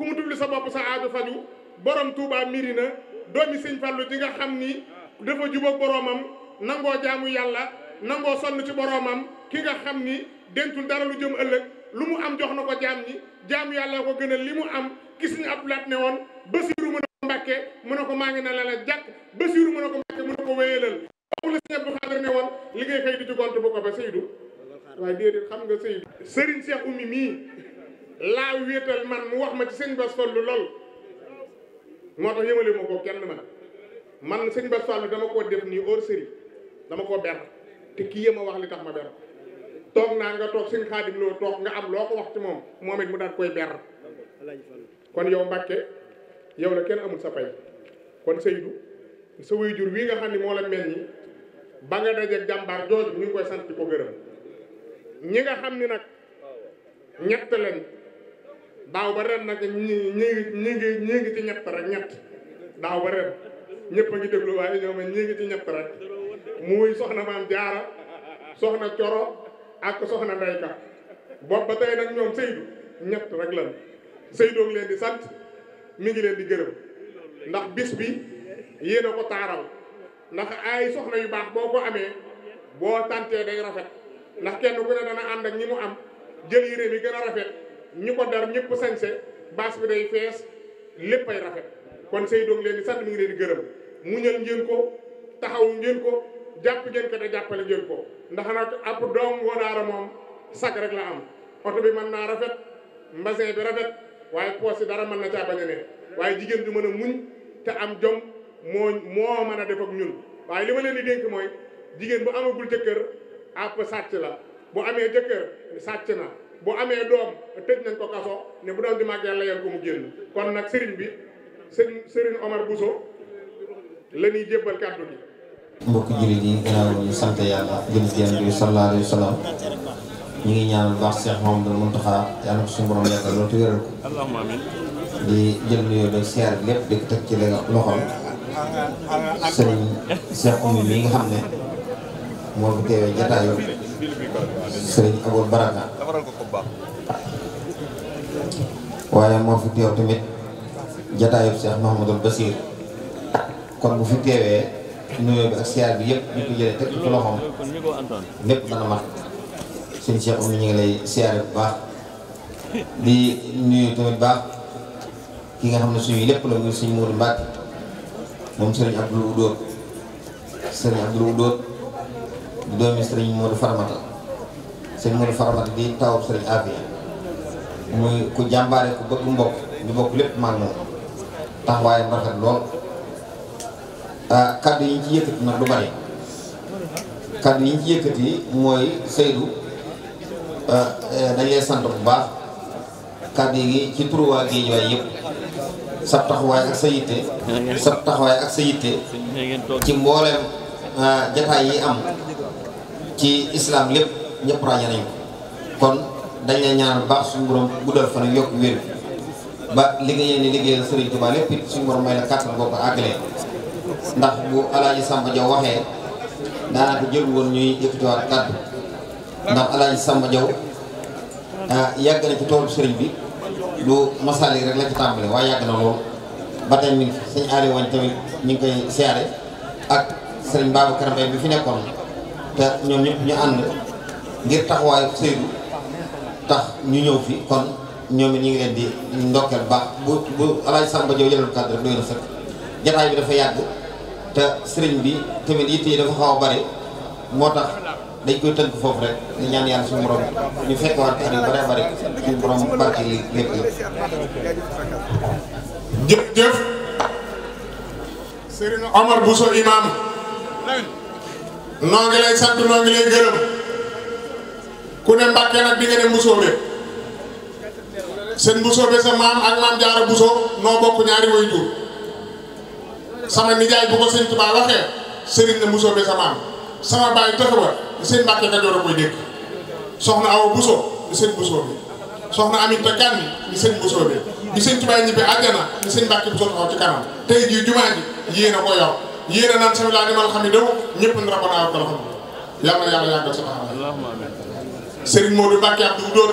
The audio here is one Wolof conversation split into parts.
ku mu dubli sa bopp sa aajo faju borom Touba miri na doomi sëñ Fallou ji nga xam ni dafa jubóog boroomam nangoo jaamu yàlla nangoo sonn ci boroomam ki nga xam ni dentul dara lu jëm ëllëg lu mu am jox na ko jaam ñi jaamu yàlla ko gënal li mu am gis ñu ab laat ne woon Basiiru mu ne ko Mbàkke mu ne ko maa ngi ne la la jàkk Basiiru mu ne ko Mbàkke mu ne ko wéyalal wax la sëñ Abdou Xaadir ne woon li ngay xëy di ci gont bu ko ba Seydou waaye déedéet xam nga Seydou Serigne laa wéetal man mu wax ma ci sëñ sol Fallu lool moo tax yëmale ma ko kenn man man sëñ Bass Fallu dama koo def nii hors série dama koo ber te kii yëma wax li tax ma ber toog naa nga toog sëñ Xaadim loo toog nga am loo ko wax ci moom moom it mu daal koy ber kon yow Mbàkke yow la kenn amul sa pay kon Seydou sa jur wii nga xam ne moo la mel ni ba nga dajeeg jàmbaar jooju ñu ngi koy sant di ko gërëm ñi nga xam ni nag ñett leen daaw ba ren nag ñi ñi ñi ngi ñi ngi ci ñett rek ñett daaw ba ren ñëpp a ngi déglu waaye ñoom ñi ngi ci ñett rek muy soxna maam jaara soxna coro ak soxna ndeyka boobu ba tey nag ñoom Seydou ñett rek lan Seydou ngi leen di sant mi ngi leen di gërëm ndax bis bi yéen a ko taaral ndax ay soxna yu baax boo ko amee boo tàntee day rafet ndax kenn ku ne dana ànd ak ñi mu am jël yére bi gën a rafet ñu ko dar ñëpp sañse baas bi day fees lépp ay rafet kon Seydou ngi leen di sant mi ngi leen di gërëm muñal ngeen ko taxawu ngeen ko jàpp ngeen ko te jàppale ngeen ko ndax nag ab doom wonaara moom sag rek la am oto bi mën naa rafet mbasin bi rafet waaye poos si dara mën na caa bañ ne waaye jigéen du mën a muñ te am jom moo moo mën a def ak ñun waaye li ma leen di dénk mooy jigéen bu amagul jëkkër àpp sàcc la bu amee jëkkër sàcc na bu amee doom tëj nañ ko kaso ne bu doon di màgg yàlla yan ko mu génn kon nag sëriñ bi sëriñ sëriñ Omar Bousso la ñuy jébbal kàddu gi. mbokk jullit yi gannaaw ñu sant yàlla jël si bi sallallahu alayhi wa sallam ñu ngi ñaanal baax Cheikh Mouhamadou Mountakha yàlla ko suñu borom loolu te wéral ko di jël nuyoo beeg seer ci loxol sëriñ Cheikh Oumy mi nga xam ne moo ko teewee jataayoo. sëriñ Abul Baraka waaye moo fi teew tamit jataayub Cheikh Mahamadul Basir kon bu fi teewee nuyoo bi ak siyaar bi yëpp ñu ko jëlee teg ci loxoom lépp dana mat sëñ Cheikh Oumy ñu ngi lay siyaare bu baax di nuyu tamit baax ki nga xam ne suñu lépp la muy sëñ Mourou Mbacke moom sëriñ Abdoul Wudóor sëriñ Abdoul Wudóor di doomi sëriñ Modou Faramata sëriñ Modou Faramata di tawub sëriñ Afia muy ku jàmbaare ku bëgg mbokk ñu bokk lépp maag moom taxawaayam rafet lool ah, yi ñu ci yëkkati nag du bari kaddu yi ñu ci yëkkati mooy sëydu ah, eh, dañ lay sant bu baax kàdd yi ci turu waa Géejawaay yëpp sab taxawaay ak sa yitte sab taxawaay ak sa yitte ci mboolem ah, jataay yi am ci islam lépp ñëpp ràññee nañ kon dañ lay ñaan baax suñu borom guddal fan yokk wér ba liggéeyee ni liggéeyal Serigne Touba lépp it suñu borom may la kàttan boo ko àggalee ndax bu Alaaji Samba Diaw waxee daanaka jël woon ñuy yëkkatiwaat kàddu ndax Alaaji Samba Diaw ah, yàgg na ci toolu Serigne bi lu masaalik rek la ci tàmbale waaye yàgg na loolu ba tey mi ngi fi sëñ Aliou tamit ñu koy siyaare ak Serigne Babacar Mbaye bi fi nekkoon. te ñoom ñëpp ñu ànd ngir taxawaayu Seydou tax ñu ñëw fi kon ñoom it ñu ngi leen di ndokkeel baax bu bu alaaj Samba Diop jëlal kàddu rek doy na sëkk jataay bi dafa yàgg te sëriñ bi tamit yitte yi dafa xaw a bari moo tax dañ koy tënk foofu rek di ñaan yàlla suñu borom ñu fekk waat kàddu yu bare bari suñu borom barke yi lépp la jëf jëf Serigne Omar Bousso imam noo ngi lay sant noo lay gërëm ku ne Mbàkke nag bi nga ne Mbusoobe seen Mbusoobe sa maam ak maam Jaara Buso noo bokk ñaari waajur sama nijaay bu ko sëñ Tuubaa waxee sëriñ ne Mbusoobe sa maam sama baay taxawa seen Mbàkke Kajoor a koy dégg soxna Awa Buso ni seen Mbusoobe soxna Aminta Kan ni seen Mbusoobe bi sëñ Tuubaa ñibbi àjjana ni seen Mbàkke Buso taxaw ci kanam tey jii jumaa yéen a ko yor yéene naan sami laa liman xam ne déw ñëpp n raba naa kala xam yal na yàlla yàggal sa taxawaay Serigne Modou Mbacke Abdou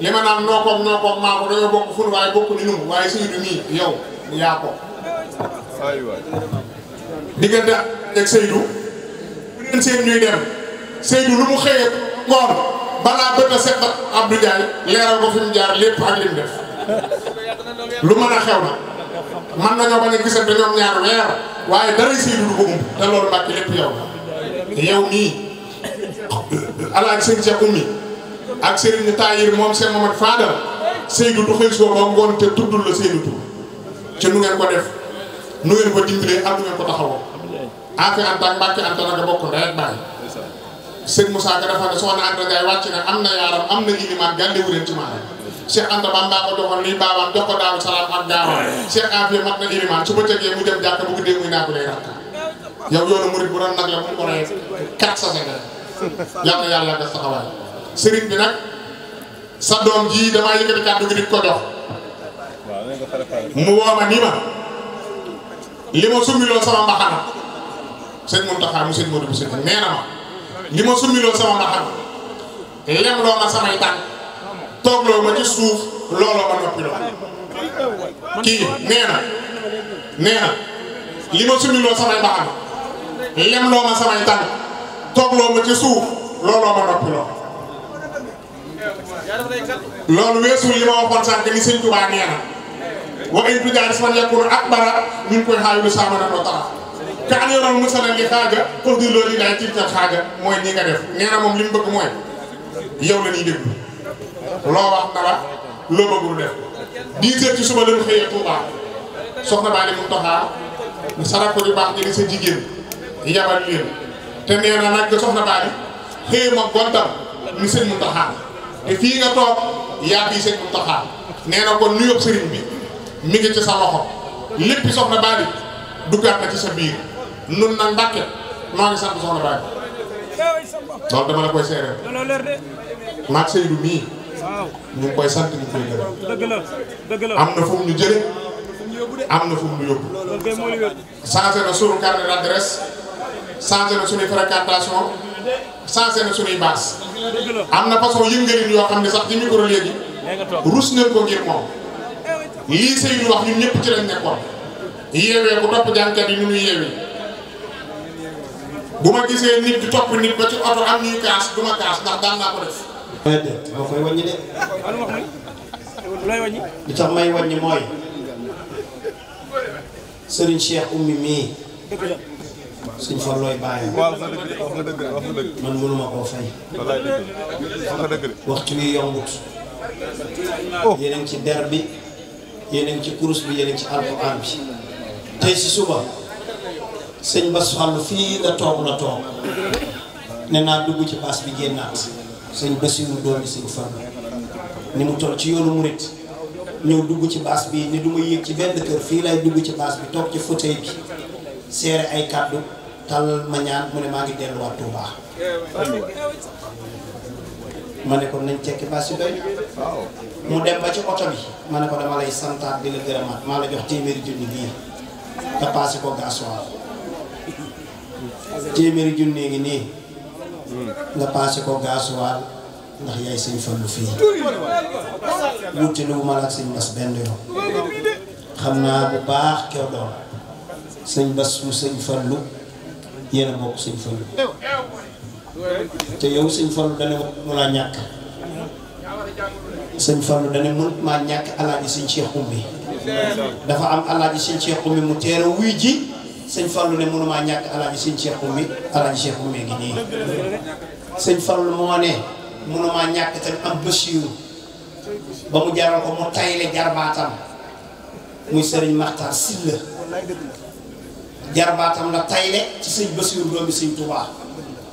li ma naan noo koog maa ko dañoo bokk ful waaye bokk ni ñun waaye Seydou mii yow yaa ko diggante ak Seydou bu leen dem Seydou lu mu xëyee ngoon balaa bët a set Abdou Ndiaye leeral ko fi mu jaar lépp ak li def lu mën a xew na man nañoo bañ a gisante ñoom ñaar weer waaye dara siy dund ko umb te loolu mbàkk lépp yow yow alaaj sëñ Cheikh Oumy ak Serigne Taïr moom seen Mamad Fadal Seydou du xëy soo ba ngoon te tuddul la Seydou Tour ci nu ngeen ko def nu ngeen ko dimbalee ak nu ngeen ko taxawoo afe anta ak mbàkke anta nag bokk ndey ak bàyyi sëñ Moussa Ka dafa ne soxna Anta wàcc na am na yaaram am na ilimaan gàllewu leen ci maaram Cheikh Anta Ba mbaa ko joxoon lii baabaan jox ko Daaru Salaam ak Gaawaan Cheikh Afia mat na ilimaan su bëccëgee mu dem jàkk bu guddee muy naa ko lay rakk yow yoonu murid bu doon nag la bu mu ko rey quatre sa sekk yàlla yàlla def taxawaay sëriñ bi nag sa doom jii damaa yëkkati kàddu gi di ko jox mu wooma ni ma li ma summiloo sama mbaxana sëñ Mountakha mu sëñ Modou bu sëñ nee na ma li ma summiloo sama mbaxana lem loo ma samay tànk toogloo ma ci suuf looloo ma noppi loo kii nee na nee na li ma sumiloo samay mbaxam lem loo ma samay tànk toogloo ma ci suuf looloo ma noppi loo loolu weesu li ma waxoon sànq ni sëñ Tuubaa nee na wa in tudaaris man yakunu akbara min koy xaawilu saamana noo taxa ka an yoroon musalan li xaaga pour di loolu yi daay tiital xaaga mooy nii nga def nee na moom li mu bëgg mooy yow la ñuy déglu loo wax na wax loo bëggul def dix ci suba lañ xëyee Touba soxna baa ni mu toxaa sa rakk baax ñi di sa jigéen yabal leen te nee na nag soxna baa ni xëyee ma gontam ni sëñ mu toxaa te fii nga toog yaa bii sëñ mu nee na kon nuyoo sëriñ bi mi ngi ci sa loxo lépp soxna baa ni duggaat na ci sa biir nun nag Mbàkke maa ngi sant soxna baa ni loolu dama la koy seereel maag Seydou mii ñu ngi koy sant ñu ngi koy am na fu mu ñu jëlee am na fu mu ñu yóbbu. changé na suñu carte d'adresse changé na suñuy fréquentation changé na suñuy base. am na façon yëngalin yoo xam ne sax ci micro léegi rus nañ ko ngir moom lii Seydou wax ñun ñëpp ci lañ nekkoon yeewee bu topp jànkat yi ñu yeewee. bu ma gisee nit di topp nit ba ci oto am ñuy kaas du ma ndax daan naa ko def moo koy wàññi de li tax may wàññi mooy Serigne Cheikh Oumy mii suñ fa bàyyi. man mënuma koo fay. wax nga dëgg yombut. Oh. yéen a ngi ci der bi ci kurus bi yéen ci alquran bi. tey si suba sëñ Bass Fall fii nga toog la toog ne naa dugg ci baas bi génnaat. sëñ Basiiru doom bi sëñ Fall ni mu toll ci yoonu murit ñëw dugg ci baas bi ni du ma yéeg ci benn kër fii lay dugg ci baas bi toog ci fauteuil bi seere ay kàddu tal ma ñaan mu ne maa ngi delluwaat Tuubaa ma ne ko nañ tekki baas yu doy mu dem ba ci oto bi ma ne ko dama lay santaat di la gërëmaat maa la jox téeméeri junni bii nga paase ko gasoil téeméeri junni ngi nii nga mm. paase ko gaasuwaal ndax yaay sëñ Fallu fii wuti lu ma la sëñ Bas benn yoon xam naa bu baax kew doon sëñ Bas mu sëñ Fallu yéen bokk sëñ Fallu te yow sëñ Fallu dana mu laa ñàkk sëñ Fallu dana mënut maa dafa am alaaji sëñ Cheikh Oumy mu teere wuy ji sëñ Fallu ne mënumaa ñàkk alaaji sëñ Cheikh Oumy alaaji Cheikh Oumy gi nii sëñ Fallu moo ne mënumaa ñàkk te am Basiiru ba mu jaral ko mu tayle jarbaatam muy sëriñ Maxtaar Silla jarbaatam la tayle ci sëñ Basiiru doomi sëñ Tuubaa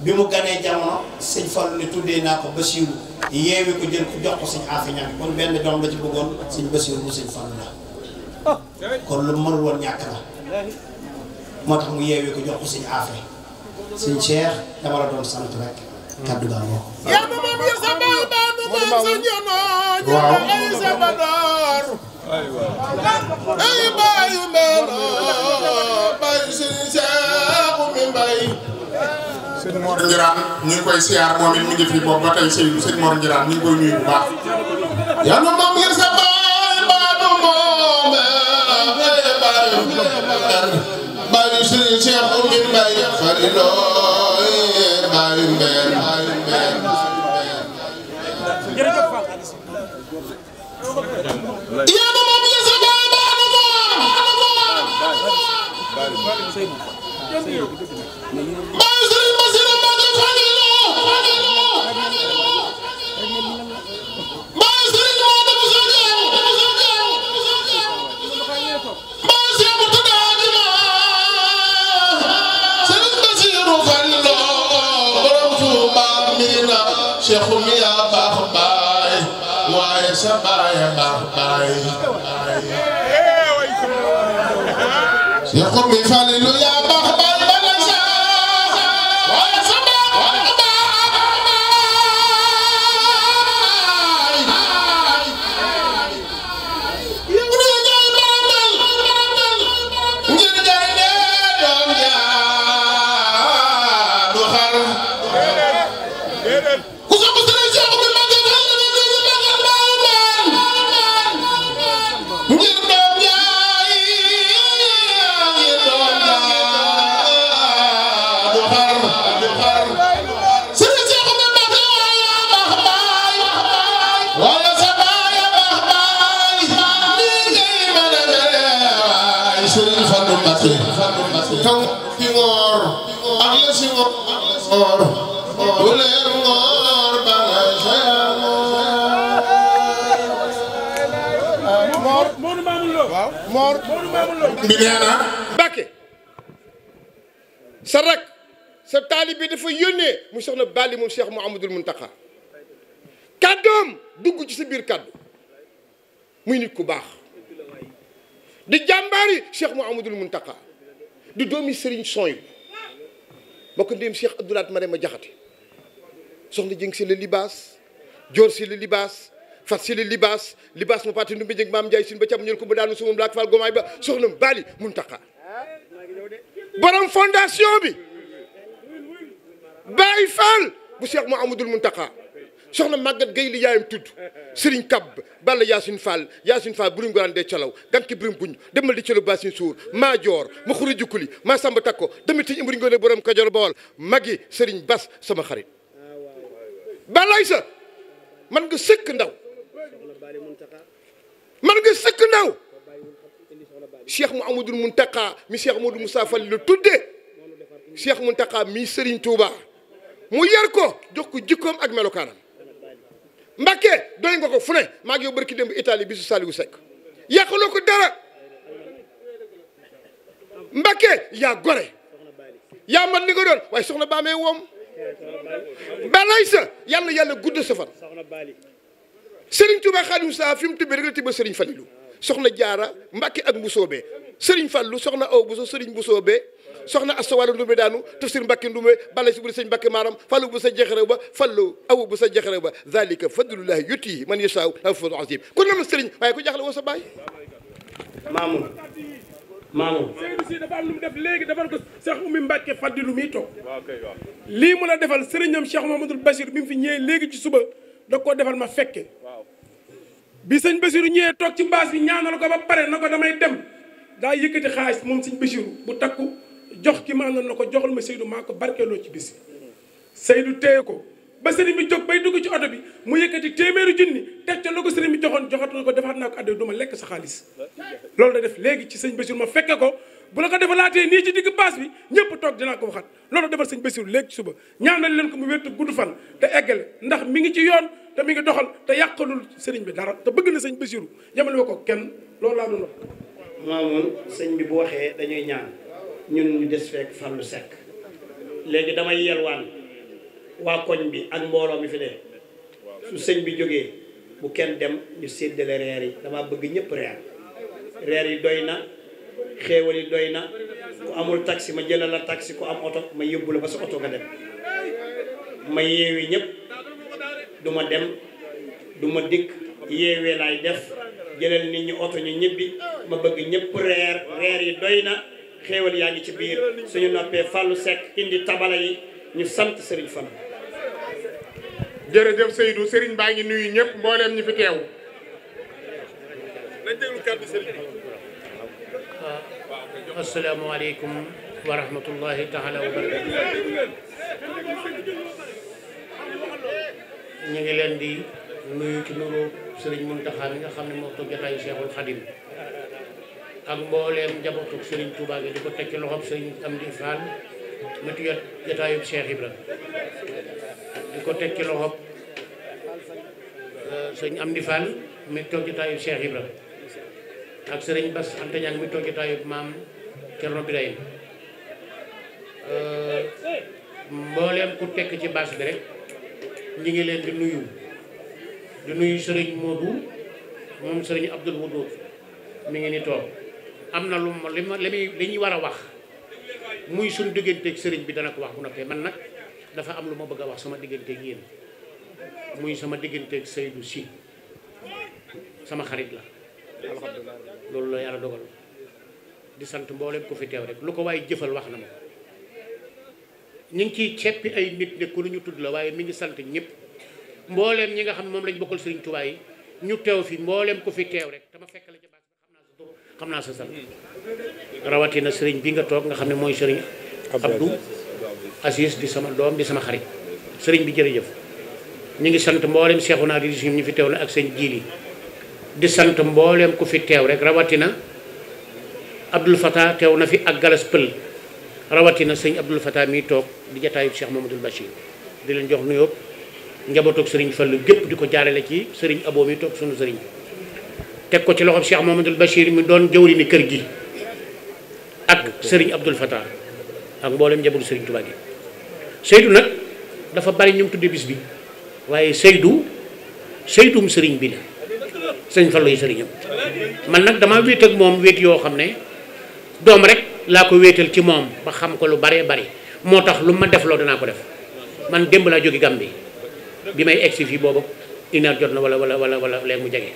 bi mu ganee jamono sëñ Fallu ne tuddee naa ko Basiiru yeewi ko jël ko jox ko sëñ Afi Ñaŋ benn doom la ci bëggoon sëñ Basiiru mu sëñ Fallu la kon lu mënul woon ñàkk la moo tax mu yeewee ko jox ko suñu affaire suñu Cheikh dama la doon sant rek. kaddu gaa ngoo. yàlla na moom yëpp sa mbaaw mbaaw nu mu am sa njanoo. waaw ñu ay sa badoor. ay baayu koy siyaar moom it mi ngi fi boobu koy nuyu bu baax. Cheikh Oumy Mbaye yaa ma moom ya sa baay baax Yakob mi fale loya moor sa rak sa taalib bi dafa yónnee mu soxna Bali moom Cheikh Mouhamadul Mountakha kàddoom dugg ci sa biir kàddu muy nit ku baax di jàmbaari Cheikh Mouhamadul Mountakha di doomi Serigne Sonyu bokk ndéem ma Abdoulaat Marema Jaxate soxna Jëng si la libaas joor si la libaas fat si li libaas libaas ma paati ndumbi jëng maam Njaay sin ba cam ñël ko ba daanu sumum laak faal gomaay ba soxna baali Muntaqa borom fondation bi Baay Faal bu Cheikh Mouhamadoul Muntaqa soxna Maguette Gueye li yaayam tudd Serigne Kab Balla Yacine Fall Yacine Fall buruñ goraan dee calaw gan ki buruñ buñ demal di calo suur maa joor ma xuri jukkuli maa samba takko damit tiñ imburuñ ngoone borom Kajoor Bawol magi Serigne Bass sama xarit balay sa man nga sëkk ndaw man nga sëkk ndaw Cheikh Mouhamadoul Mountakha mi Cheikh Modou Moussa Fall la tuddee Cheikh Mountakha mi Serigne Touba mu yar ko jox ko jikkoom ak melokaanam Mbacké doy nga ko fu ne maa ngi yow barki démb Italie bi su Saliou Seck yàqaloo ko dara Mbacké yaa gore yaa man li nga waaye soxna baamee woom balay sa yàlla yàlla gudd sa fan Serigne Touba Xaadim sa fi mu tëbbee rek la tëbbee Serigne Falilou soxna jaara Mbacké ak Mbusoobe Serigne Fallou soxna aw Buso Serigne Mbusoobe soxna astawala ndumbe daanu tafsir mbàkke ndumbe balla si buri sëñ mbàkke maaram fallu bu sa jeexarew ba fallu aw bu sa jeexarew ba zalika fadlullahi yutihi man yashaau aw fadlu azim kon na ma sëriñ waaye ku jaaxle woo sa baay maamu maamu Seydou si dafa lu def léegi defal ko Cheikh Oumy Mbacke faddilu mi toog lii mu a defal sëriñam Cheikh ma Bachir bi mu fi ñëwee léegi ci suba da koo defal ma fekke bi sëñ Bachir ñëwee toog ci mbaas bi ñaanal ko ba pare na ko damay dem daa yëkkati xaalis moom sëñ Bachir bu takku jox ki maanaam na ko joxal ma Seydou maa ko barkeeloo ci bis Seydou téye ko ba sëriñ bi jóg bay dugg ci oto bi mu yëkkati téeméeru junni teg ca la ko sëriñ bi joxoon joxat ko defaat naa ko adde ma lekk sa xaalis loolu da def léegi ci sëñ Bassirou ma fekke ko bu la ko defalaatee nii ci digg baas bi ñëpp toog dinaa ko waxat loolu defal sëñ Bassirou léegi ci suba ñaanal leen ko mu wértu gudd fan te eggale ndax mi ngi ci yoon te mi ngi doxal te yàqalul sëriñ bi dara te bëgg na sëñ Bassirou yemale ko kenn loolu laa doon wax maamoon sëñ bi bu waxee dañuy ñaan ñun ñu des fekk Fallou Seck léegi damay yelwaan waa koñ bi ak mbooloo mi fi ne su sëñ bi jógee bu kenn dem ñu séddale reer yi dama bëgg ñëpp reer reer yi doy na xéewal yi doy na ku amul taxi ma jëlal la taxi ku am oto ma yóbbu la ba sa oto nga dem ma yeewi ñëpp du ma dem du ma dikk yeewee laay def jëlal nit ñi oto ñu ñibbi ma bëgg ñëpp reer reer yi doy na xéewal yaa ngi ci biir suñu noppee fàllu sekk indi tabala yi ñu sant Serigne Fallou. jërëjëf sëriñ baa ngi nuyu ñëpp mbooleem ñi fi teew. nañ déglu kàddu Serigne ah, wa rahmatullahi taala ñu ngi leen di nuyu ci nuru Serigne Mountakha mi nga xam ne moo ko jotaayu Cheikhul Khadim. ak mbooleem njabootu Serigne Touba gi di ko teg ci loxob am Amdi Fall mi tuyat jataayub Cheikh Ibra di ko teg ci loxob euh, Serigne Amdi Fall mi toog jataayub Cheikh Ibra ak Serigne Bass Anta Niang mi toog jataayub maam Thierno Birahim euh, mbooleem ku tekk ci baas bi rek ñi ngi leen di nuyu di nuyu Serigne Modou moom Serigne Abdoul Wadoud mi ngi ni toog am na lu ma li ma li ñuy war a wax muy suñu digganteeg sëriñ bi dana ko wax bu noppee man nag dafa am lu ma bëgg a wax sama digganteeg yéen muy sama digganteeg Seydou Sy sama xarit la loolu la yàlla dogal di sant mboolem ku fi teew rek lu ko waaye jëfal wax na ma ñu ngi ciy ceppi ay nit ne ku lu ñu tudd la waaye mi ngi sant ñëpp mbooleem ñi nga xam ne moom lañ bokkal Sëriñ Tuubaa yi ñu teew fi mbooleem ku fi teew rek dama fekk la xam naa sa sant rawatina sëriñ bi nga toog nga xam ne mooy sëriñ Abdou Aziz di sama doom di sama xarit sëriñ bi jërëjëf ñu ngi sant mboolem seexu naa di suñu ñu fi teew la ak seen jiili di sant mbooleem ku fi teew rek rawatina Abdoul Fatah teew na fi ak galas pël rawatina sëñ Abdoul Fatah mi toog di jataayu Cheikh Mamadou Bachir di leen jox nuyoo njabootu ak sëriñ Fallu gépp di ko jaarale ci sëriñ Abo mi toog sunu sëriñ teg ko ci loxo loxob Cheikh Mouhamadoul Bachir mi doon jëwriñu kër gi ak Serigne Abdoul Fattah ak mboolem njabootu Serigne Touba nag dafa bari ñu mu tuddee bi waaye Seydou Seydoum Serigne bi sëñ Fallou yi Serigne man nag dama wéet ak moom wéet yoo xam ne doom rek laa ko wéetal ci moom ba xam ko lu baree bari moo tax lu ma def loo danaa ko def man démb laa jóge Gambie bi may egsi fii boobu une jot na wala wala wala wala mu jege.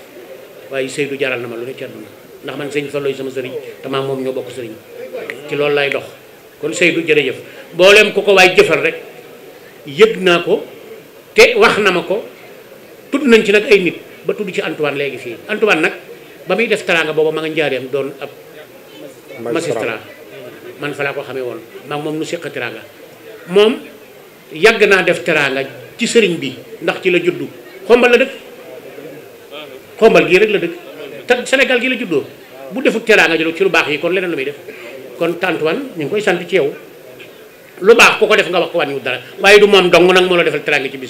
waaye Seydou jaral na ma lu ne ci àdduna ndax man sëñ Fallou sama sëriñ te maa moom ñoo bokk sëriñ ci loolu laay dox kon Seydou jërëjëf booleem ku ko waay jëfal rek yëg naa ko te wax na ma ko tudd nañ ci nag ay nit ba tudd ci Antoine léegi fii antuwaan nag ba muy def teraanga booba ma nga njaareem doon ab magistrat man fa laa ko xamee woon maa moom nu seq teraanga moom yàgg naa def teraanga ci sëriñ bi ndax ci la juddu xombal la dëkk xombal gii rek la dëkk te gi gii la juddoo bu defut teraanga jël ci lu baax yi kon leneen lu muy def kon tantuwan ñu ngi koy sant ci yow lu baax ku ko def nga wax ko wàññiwut dara waaye du moom dong nag moo la defal teraanga bi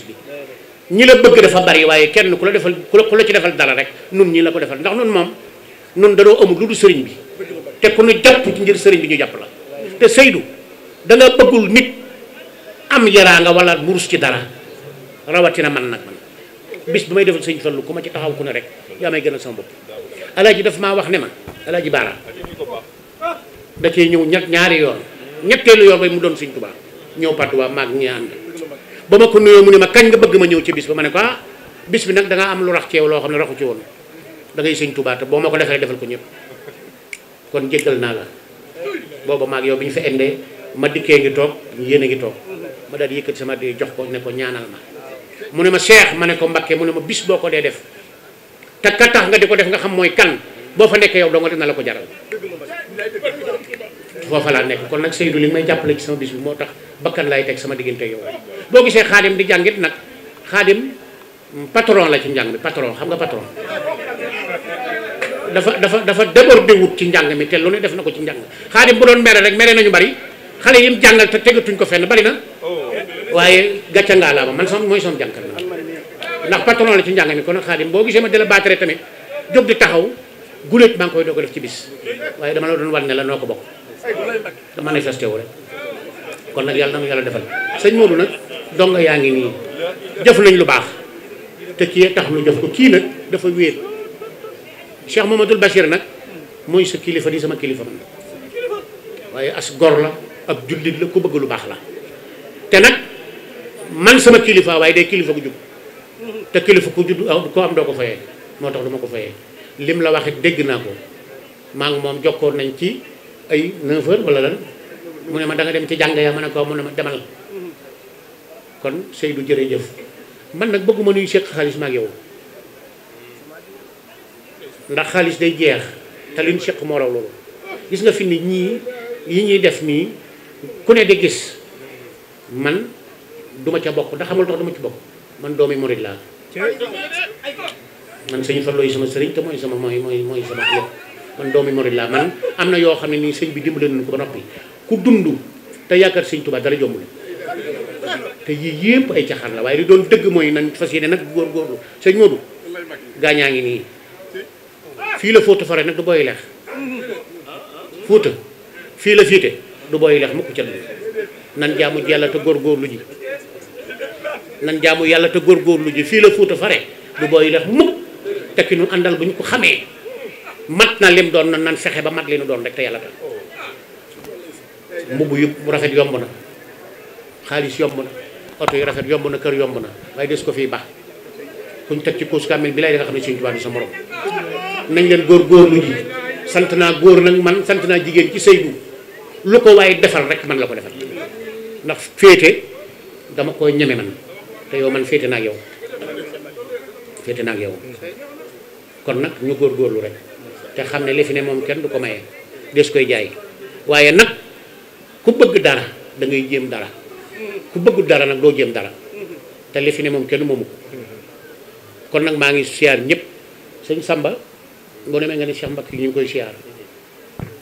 ñi la bëgg dafa bari waaye kenn ku la defal ku la ci defal dara rek nun ñi la ko defal ndax nun moom nun danoo amul lu du sëriñ bi te ku ñu jàpp ci njër sëriñ bi ñu jàpp la te Seydou da nga bëggul nit am yaraanga wala murus ci dara rawatina man nag man bis bi may defal sëñ Fallu ku ma ci taxaw ku ne rek yaa may gënal sama bopp alaaji daf maa wax ne ma alaaji baara da cee ñëw ñett ñaari yoon ñetteelu yoon bay mu doon sëñ Tuubaa ñëw Padois maag ñi ànd ba ma ko nuyoo mu ne ma kañ nga bëgg ma ñëw ci bis ba ma ne ko ah bis bi nag da am lu rax ceew loo xam ne raxu ci woon da ngay sëñ Tuubaa te boo ma ko defee defal ko ñëpp kon jéggal naa la booba ko yow bi ñu fa indee ma dikkee ngi toog yéen a ma daal di yëkkati sama di jox ko ne ko ñaanal ma mu ne ma Cheikh ma ne ko Mbakke mu ne ma bis boo ko dee def te ka tax nga di ko def nga xam mooy kan boo fa nekkee yow dong dina la ko jaral foofa laa nekk kon nag Seydou li may jàppale ci sama bis bi moo tax bakkan laay teg sama diggante yow boo gisee xaadim di jàngit nag xaadim mm, patron la ci njàng bi patron xam nga patron dafa dafa dafa débordé ci njàng mi te lu ne def na ko ci njàng xaadim bu doon mere rek mere nañu bari xale yim jàngal te tegatuñ ko fenn bari na oh. waaye gàcca ngaa laa ma man sama mooy sama jànkar la ndax patron la ci njàng mi kon xaadim boo gisee ma di la baatare tamit jóg di taxaw guléet maa ngi koy doog a def ci bis waaye dama la doon war ne la noo ko bokk dama manifesté wu rek kon nag yàlla na yàlla defal sëñ Modou nag donga yaa ngi nii jëf nañ lu baax te kii tax lu ko kii nag dafa wéet Cheikh Mamadou Bachir nag mooy sa kilifa di sama kilifa man waaye as gor la ak jullit la ku bëgg lu baax la te nag man sama kilifa waaye day kilifa gu jub te kilifa ku judd ko am doo ko fayee moo tax duma ko fayee lim la waxit dégg naa ko maa ngi moom jokkoon nañ ci ay 9 heures wala lan mu ne ma da dem ci jàng ya ma ne ko mu ne ma demal kon Seydou jërëjëf man nag bëgguma nuy séq xaalis maag yow ndax xaalis day jeex te luñ séq moo raw loolu gis nga fi ni ñii yi ñuy def mii ku ne de gis man du ma ca bokk ndax xamal tax du ma ci bokk man doomi murid laa man sëñ Fallu sëriñ te mooy sama mooy mooy mooy sama lépp man am na yoo xam ne nii sëñ bi dimbale nañu ko ba noppi ku dund te yaakaar sëñ Tuubaa dara jombul te yii yëpp ay caxaan la waaye li doon dëgg mooy nañ fas yéene nag góor góorlu sëñ Modou gaañaa ngi nii fii la Fouta fare nag du booy leex Fouta fii la fiite du booy leex mukk ca nan jaamu Yàlla te góorgóorlu ji nan jaamu yàlla te góor góor lu ji fii la Fuuta fare du booy lex mukk te ki nu àndal bu ñu ko xamee mat na lim doon na nan fexe ba mat li nu doon rek te yàlla tax mbubb yu rafet yomb na xaalis yomb na oto yu rafet yomb na kër yomb na waaye des ko fii baax kuñ teg ci kuus bi lay da nga xam ne sa morom nañ leen góor góorlu sant naa góor nag man sant naa jigéen ci sëy bu lu defal rek man la ko defal ndax féete dama koy ñeme man te yow man féete na ak yow féete na ak yow kon nag ñu góor góorlu rek te xam ne li moom kenn du ko maye des koy jaay waaye nag ku bëgg dara dangay ngay jéem dara ku bëggul dara nag doo jéem dara te li moom kenn moomu ko kon nag maa ngi siyaar ñëpp sëñ Samba boo demee nga ne Cheikh Mbacke ñu ngi koy siyaar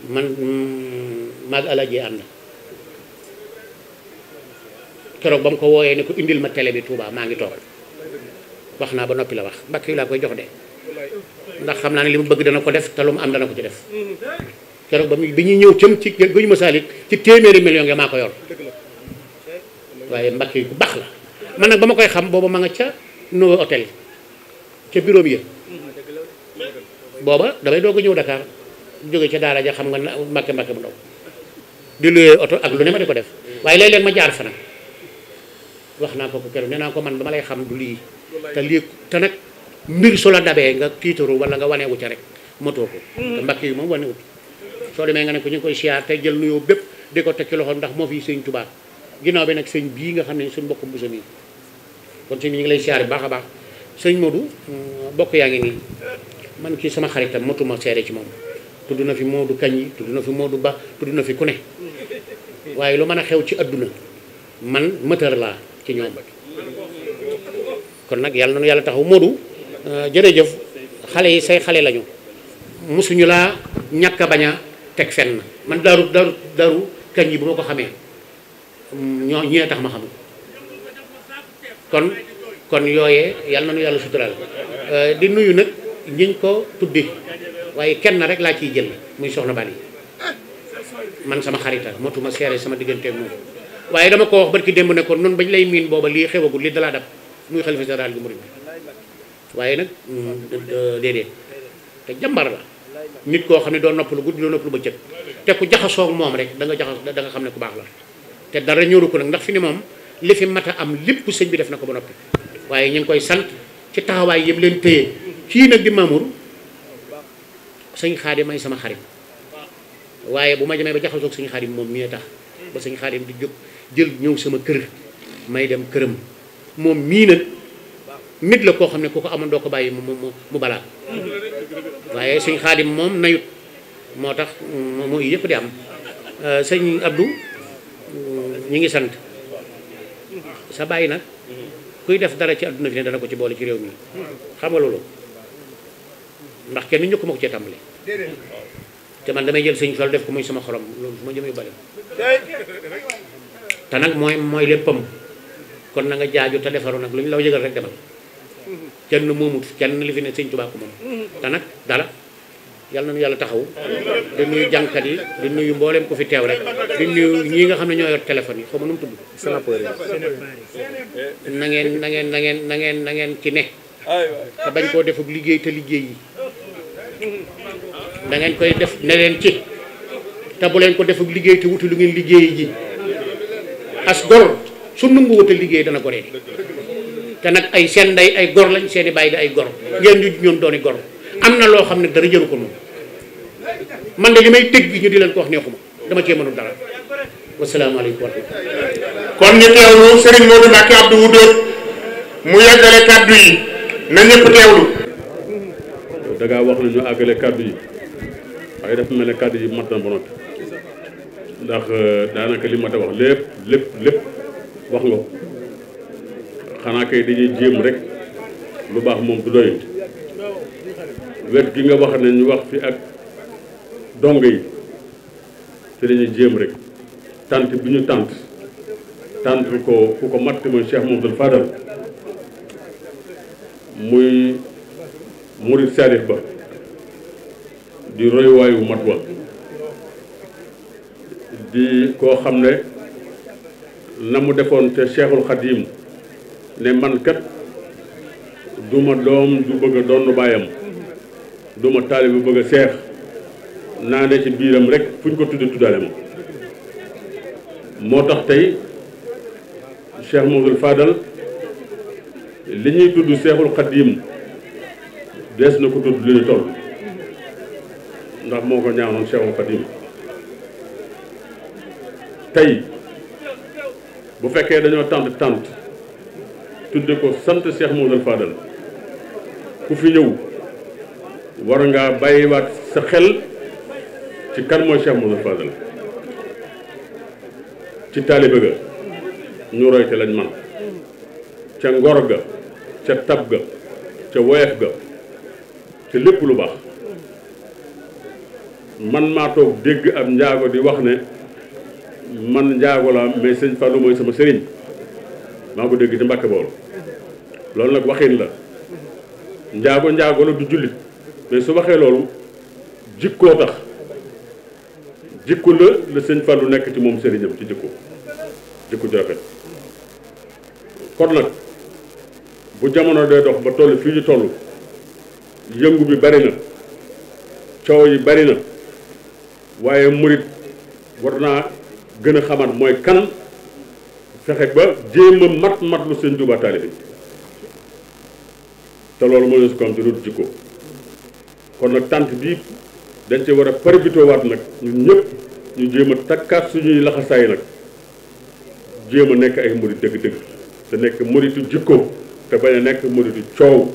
man mm, maag alaaji ànd keroog ba mu ko wooyee ne ko indil ma télé bi Touba maa ngi toog wax naa ba noppi la wax mbakk yi laa koy jox de ndax xam naa ne li mu bëgg dana ko def te lu mu am dana ko ci def keroog ba mu bi ñuy ñëw cëm ci guñu masaalik ci téeméeri million nga maa ko yor waaye mbakk yi ku baax la man nag ba ma koy xam booba ma nga ca nouveau hôtel ca bureau bi booba damay doog ñëw Dakar jóge ca daara ja xam nga mbàkke mbàkke bu ndaw di luyee oto ak lu ne wax naa ko ko keroog nee naa ko man dama lay xam du lii te lii te nag mbir su la dabee nga tiitaru wala nga waneewu ca rek motoo ko mm. te mbakk yi moom wanewu soo demee nga ne ko ñu koy siyaar tey jël nuyoo bépp di ko teg ci loxoom ndax moo fi sëñ Tuubaa ginnaaw bi nag sëñ bii nga xam ne suñ mbokk mbusa mi kon sëñ bi ñu ngi lay siyaar baax a baax sëñ du mm, bokk yaa ngi nii man kii sama xaritam motuma seere ci moom tudd na fi du Kañ tudd na fi Modou Ba tudd na fi ku mm. waaye lu mën a xew ci adduna man mëtër ci ñoom kon nag yàlla na nu yàlla taxaw Modou euh, jërëjëf xale yi say xale lañu mosuñu laa ñàkk a bañ a teg fenn man daaru daaru kañ yi bu ma ko xamee ñoo ñee tax ma xam kon kon yooyee yàlla na nu yàlla sutural euh, di nuyu nag ñiñ ko tuddi waaye kenn rek laa ciy jël muy soxna Bali man sama xarita motuma seere sama digganteeg moom waaye dama ko wax barki démb ne ko noonu bañ lay miin booba lii xewagul li dalaa dab muy xalifa général bi murid bi waaye nag mm, déedéet te jàmbar nit koo xam ne doo nopp lu guddi doo nopp lu bëccëg moom rek da nga jaxas xam ne ku baax la te dara ñëru ko nag ndax fi ne moom li fi mat a am lépp sëñ bi def na ko ba noppi waaye ñu ngi koy sant ci taxawaay yëpp leen téye kii nag di Mamour sëñ Xaadim may sama xarit waaye bu ma demee ba jaxasoog sëñ Xaadim moom mi tax ba sëñ Xaadim di jóg jël ñëw sama kër may dem këram moom mii nag nit la koo xam ne ku ko amoon doo ko bàyyi mu mu mu balaa waaye suñ xaadim moom nayut moo tax moo yëpp di am euh, sëñ Abdou euh, ñu ngi sant sa bàyyi nag kuy def dara ci àdduna fi ne dana ko ci boole ci réew mi xam nga loolu ndax kenn ñëkk ma ko cee tàmbali te man damay jël sëñ sol def ko muy sama xorom loolu su ma jëmee bari te nag mooy mooy léppam kon na nga jaaju te defaru nag lu ñu la yëgal rek demal kenn moomut kenn li ne sëñ Tuubaa ko moom te nag dara yàlla nañu yàlla taxaw di nuyu jànkat yi di nuyu mbooleem ko fi teew rek di nuyu ñii nga xam ne ñoo yor téléphone yi xaw ma nu mu tudd snapeur yi na ngeen na ngeen na ngeen na ngeen na ngeen ci ne te bañ koo defub liggéey te liggéey yi da koy def neleen ci te bu leen ko defub liggéey te wuti lu ngeen liggéey ji as gor su nanguwut a liggéey dana goree di te nag ay seen nday ay gor lañ seen i bàyyi di ay gor ngeen ñu dooni gor am na loo xam ne dara jëru ko noonu man de li may tëgg ñu di leen ko wax neexuma dama cee mënul dara wasalaamaaleykum wa rahmatulah kon ñu mu yàggale kàddu yi na ñëpp teewlu da wax ne ñu àggale kàddu yi waaye dafa mel ne kàddu yi mat na ndax euh, daanaka li ma ta wax lépp lépp lépp wax nga ko xanaa kay dañuy jéem rek lu baax moom du doy wet gi nga wax ne ñu wax fi ak dong yi te lañuy jéem rek tant bi ñu tant tant ko ku ko matt mooy Cheikh Mouhamadoul Fadal muy murid sadif ba di roy mat wa di koo xam ne na mu defoon te Cheikhul Khadim ne man kat duma doom du bëgg a doon baayam duma taalib bu bëgg a seex naa ne ci biiram rek fu ñu ko tudd tuddaale ma moo tax tey Cheikh Mouhamadoul Fadal li ñuy tudd Cheikhul Khadim na ko tudd li ñu toll ndax moo ko ñaanoon Cheikhul Khadim tey bu fekkee dañoo tànt tànt tudde ko sant Cheikh Moudou Fadal ku fi ñëw war ngaa bàyyiwaat sa xel ci kan mooy Cheikh Moudou Fadal ci taalibe ga ñu te lañ man ca ngor ga ca tab ga ca woyef ga ca lépp lu baax man maa toog dégg ab njaago di wax ne man njaago la am mais sëñ Fallou mooy sama sëriñ maa ko dégg ci Mbàkke Bawol loolu nag waxin la njaago njaago la du jullit mais su waxee loolu jikkoo tax jikko la la sëñ Fallou nekk ci moom sëriñam ci jikko jikko ju rafet nag bu jamono dee dox ba toll fii ñu toll yëngu bi bari na coow yi bari na waaye murit war naa gën a xamaat mooy kan fexe ba jéem a mat mat lu seen juba taalibe te loolu moo leen su ko am ci dut jikko kon nag tànt bii dañ ci war a parbitoowaat nag ñun ñëpp ñu jéem a takkaat suñuy laxasaay nag jéem a nekk ay murit dëgg-dëgg te nekk muritu jikko te bañ a nekk muritu coow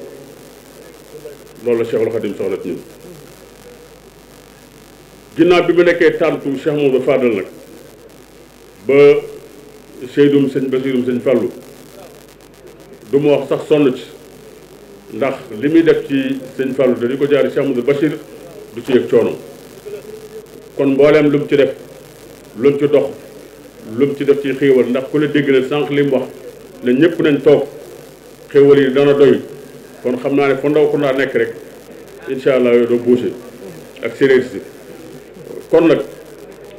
loolu la Cheikhul Khadim soxla ci ñun ginnaaw bi mu nekkee tàntu Cheikh Mamadou Fadal nag ba seydum sëñ basiirum sëñ fàllu du ma wax sax sonn ci ndax li muy def ci sëñ fàllu dañu ko jaar ci Amadou Bachir du ci yëg coono kon mbooleem lu ci def lu ci dox lu ci def ci xéewal ndax ku la dégg na sànq li mu wax ne ñëpp nañ toog xéewal yi dana doy kon xam naa ne fa ndaw ko nekk rek incha allah yooyu doo buuse ak séréer si kon nag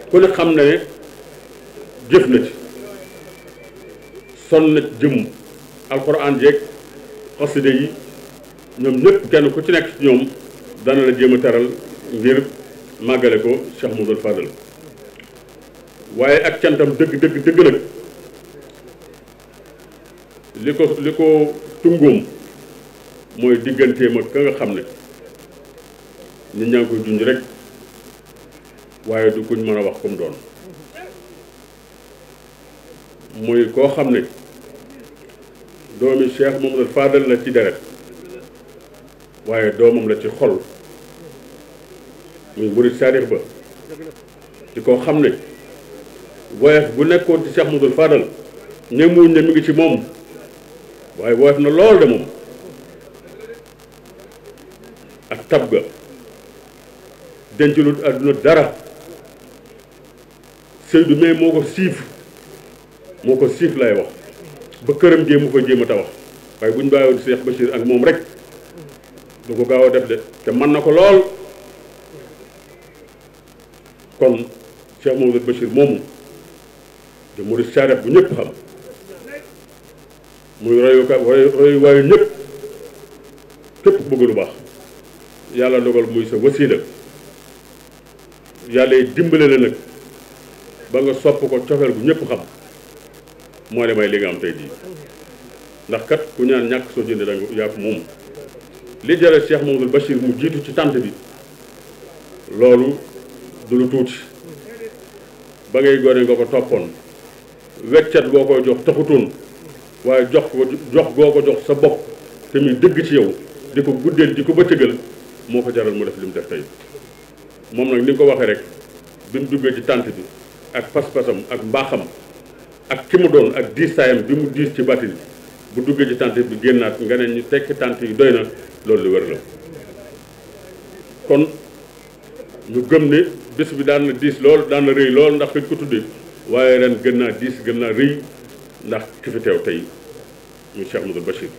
ku ne xam ne jëf na ci sonn jëmm alxuraan jeeg xaside yi ñoom ñëpp kenn ku ci nekk ci ñoom dana la jéem a teral ngir màggale ko Cheikh Mouhamadou Fadal waaye ak cantam dëgg dëgg dëgg nag li ko li ko tungoom mooy digganteem ak nga xam ne nit ñaa koy junj rek waaye du kuñ mën a wax comme doon muy koo xam ne doomi Cheikh Mamadou Fadal la ci deret waaye doomam la ci xol muy murid saadix ba ci koo xam ne woyof bu nekkoon ci Cheikh Mamadou Fadal ñëmuñ ne mi ngi ci moom waaye woyof na lool de moom ak tab ga dencalut àdduna dara Seydou May moo ko siif moo ko siif lay wax ba këram jéem mu ko jéem a tabax waaye bu ñu bàyyiwoon Cheikh Bachir ak moom rek du ko gaaw a def de te mën na ko lool kon Cheikh Mamadou Bachir moomu de Murid Saadix bu ñëpp xam muy royuwaayu ñëpp képp bëgg lu baax yàlla dogal muy sa wasiila yàlla dimbale la nag ba nga sopp ko cofeel bu ñëpp xam moo la may li nga am ndax kat ku ñaan ñàkk soo jëndee da nga yaa moom li jaral seex moom Bachir mu jiitu ci tànt bi loolu du ba ngay gone nga ko toppoon weccat goo koy jox taxutoon waaye jox ko jox goo ko jox sa bopp te muy dëgg ci yow di ko guddeel di ko bëccëgal moo ko jaral mu def li mu def tey moom nag ni nga ko waxee rek bi mu duggee ci tànt bi ak pas-pasam ak mbaaxam ak ki mu doon ak diis bi mu diis ci batin bu duggee ci tant bi génnaat nga ne ñu tekki tànt yi doy na loolu lu wér la kon ñu gëm ne bés bi daan na diis lool daan na rëy lool ndax fi ko tuddee waaye ren gën naa diis gën naa rëy ndax ki fi teew tey muy Cheikh Amadou Bachir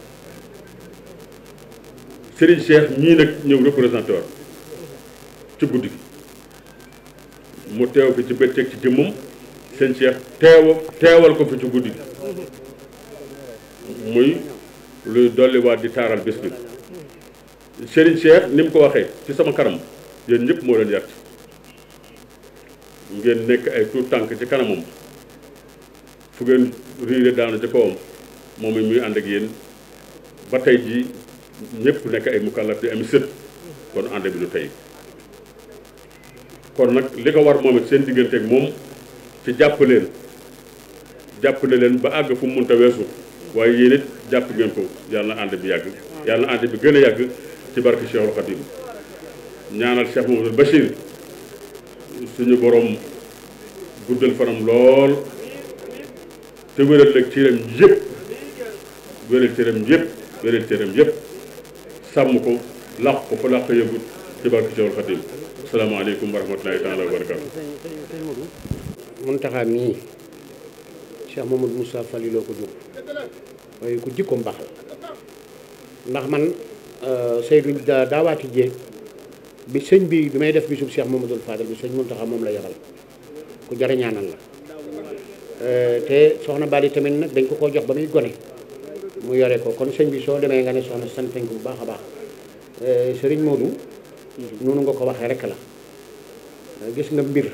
Serigne Cheikh ñii nag ñëw représenté waat ci guddi gi mu teew fi ci bëccëg ci jëmmam sëñ Cheikh teew teewal ko fi ci guddi gi muy luy dolliwaat di taaral bés bi Serigne Cheikh ni mu ko waxee ci sama kanam yéen ñëpp moo leen yàq ngeen nekk ay tuut tànk ci kanamam fu ngeen riire daanu ci moom it muy ànd ak yéen ba tey ji ñëpp nekk ay mukallaf di am sët kon ànd bi du tey kon nag li ko war moom it seen digganteeg moom. ci jàpp leen jàpp leen ba àgg fu mu mënta weesu waaye yéen jàpp ngeen ko yàlla na ànd bi yàgg yàlla na ànd bi gën a yàgg ci barke Cheikhul Khadim ñaanal Cheikh ba Bachir suñu borom guddal fanam lool te wéral ak cëram yépp wéral cëram yëpp wéral sàmm ko làq ko fa làq yëgut ci barke Cheikhul Khadim asalaamaaleykum wa rahmatulahi taala wa barakatu Muntaxa mii Cheikh Mamadou Moussa Faliloo ko jur waaye ku jikkoom baax la ndax man euh, Seydou daawaati jéeg bi sëñ bi bi may def bisub Cheikh Mamadou Fadal bi sëñ Muntaxa moom la yabal ku jar a ñaanal la euh, te soxna Bali tamit nag dañ ko koo jox ba muy gone mu yore ko kon sëñ bi soo demee nga ne soxna sant bu baax a baax euh, sëriñ Modou mhm. noonu nga ko waxee rek la gis nga mbir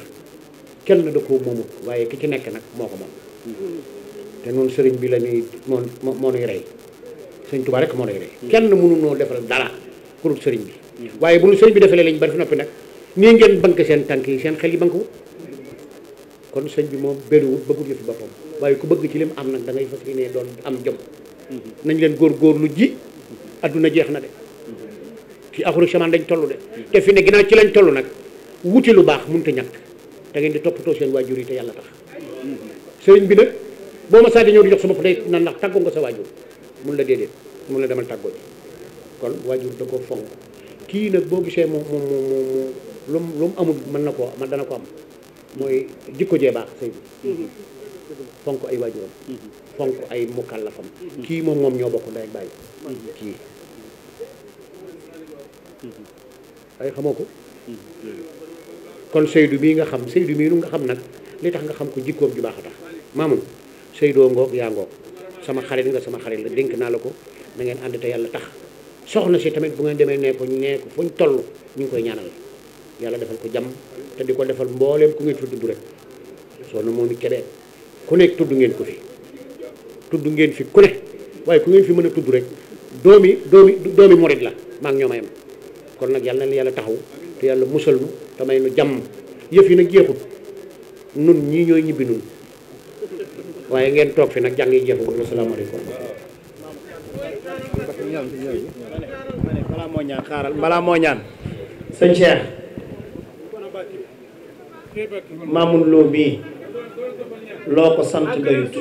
kenn da koo moomut waaye ki ci nekk nag moo ko moom te noonu sëriñ bi la ñuy moo moo nuy rey sëriñ Tuubaa rek moo nuy rey hmm. kenn mënu noo defal dara pour sëriñ bi hmm. waaye bu nu sëriñ bi defalee lañ bari fi noppi nag nii ngeen bank seen tànk yi seen xel yi bank wut kon sëñ bi moom bëriwut bëggul yëfi boppam waaye ku bëgg ci lim am nag da ngay fas yéene doon am jom hmm. nañ leen góor góorgóorlu ji adduna jeex na de ci axuru samaan dañ toll de te fi ne ginnaaw ci lañ toll nag wuti lu baax mënut a da ngeen di too seen waajur yi te yàlla tax sëriñ bi nag boo ma saati ñoo di jox sa bopp day nan ndax tàggoo nga sa waajur mun la déedéet mun la demal tàggoo ji kon waajur da ko fonk kii nag boo gisee moom moom moom moom lu mu lu mu amul mën na koo man dana ko am mooy jikko jee baax sëy bi fonk ay waajuram fonk ay mukallafam kii moom moom ñoo bokk ndey ak bàyyi kii ay xamoo ko kon Seydou bii nga xam Seydou mii nu nga xam nag li tax nga xam ko jikkoom ju baax a tax maamun Seydoo ngoog yaa ngoog sama xarit nga sama xarit la dénk naa la ko na ngeen ànd te yàlla tax soxna si tamit bu ngeen demee nee ko nee ko fuñ toll ñu ngi koy ñaanal yàlla defal ko jàmm te di ko defal mbooleem ku ngeen fi tudd rek soxna moom it kebee ku nekk tudd ngeen ko fi tudd ngeen fi ku ne waaye ku ngeen fi mën a tudd rek doomi doomi doomi morit la maa ngi ñoom a yem kon nag yàlla na yàlla taxaw te yàlla musal nu te may nu jàmm yëf yi nag jeexut nun ñii ñooy ñibbi nun waaye ngeen toog fi nag jàng yi jeexut asalaamaaleykum balaa moo ñaan xaaral balaa moo loo ko sant doyut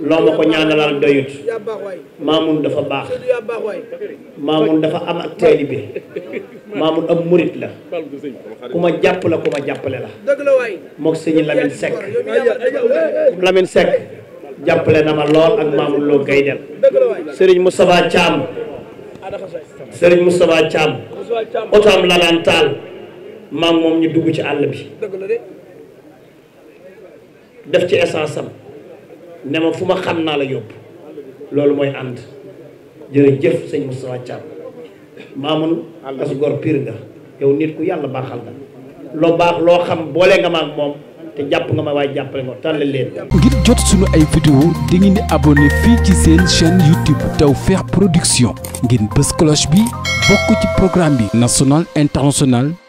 loo ma ko ñaanalal doyut Mamoune dafa baax Mamoune dafa am ak taalibe Mamoune ab murit la ku ma jàpp la ku ma jàppale la mook sëñ Lamine Seck Lamine Seck jàppale na ma lool ak Mamoune Lo Gaydel Serigne Moustapha sëriñ Serigne Moustapha Thiam otam lalaan taal maam moom ñu dugg ci àll bi def ci essence am ne ma fu ma xam naa la yóbbu loolu mooy ànd jërëjëf sëñ Moustapha Thiam maamun as gor piir nga yow nit ku yàlla baaxal nga loo baax loo xam boolee nga ma moom te jàpp nga ma waaye jàppale moo tàlle leen ngir jot suñu ay vidéo di ngeen di abonné fii ci seen chaîne YouTube Tawfekh Production ngeen bës cloche bi bokk ci programme bi national international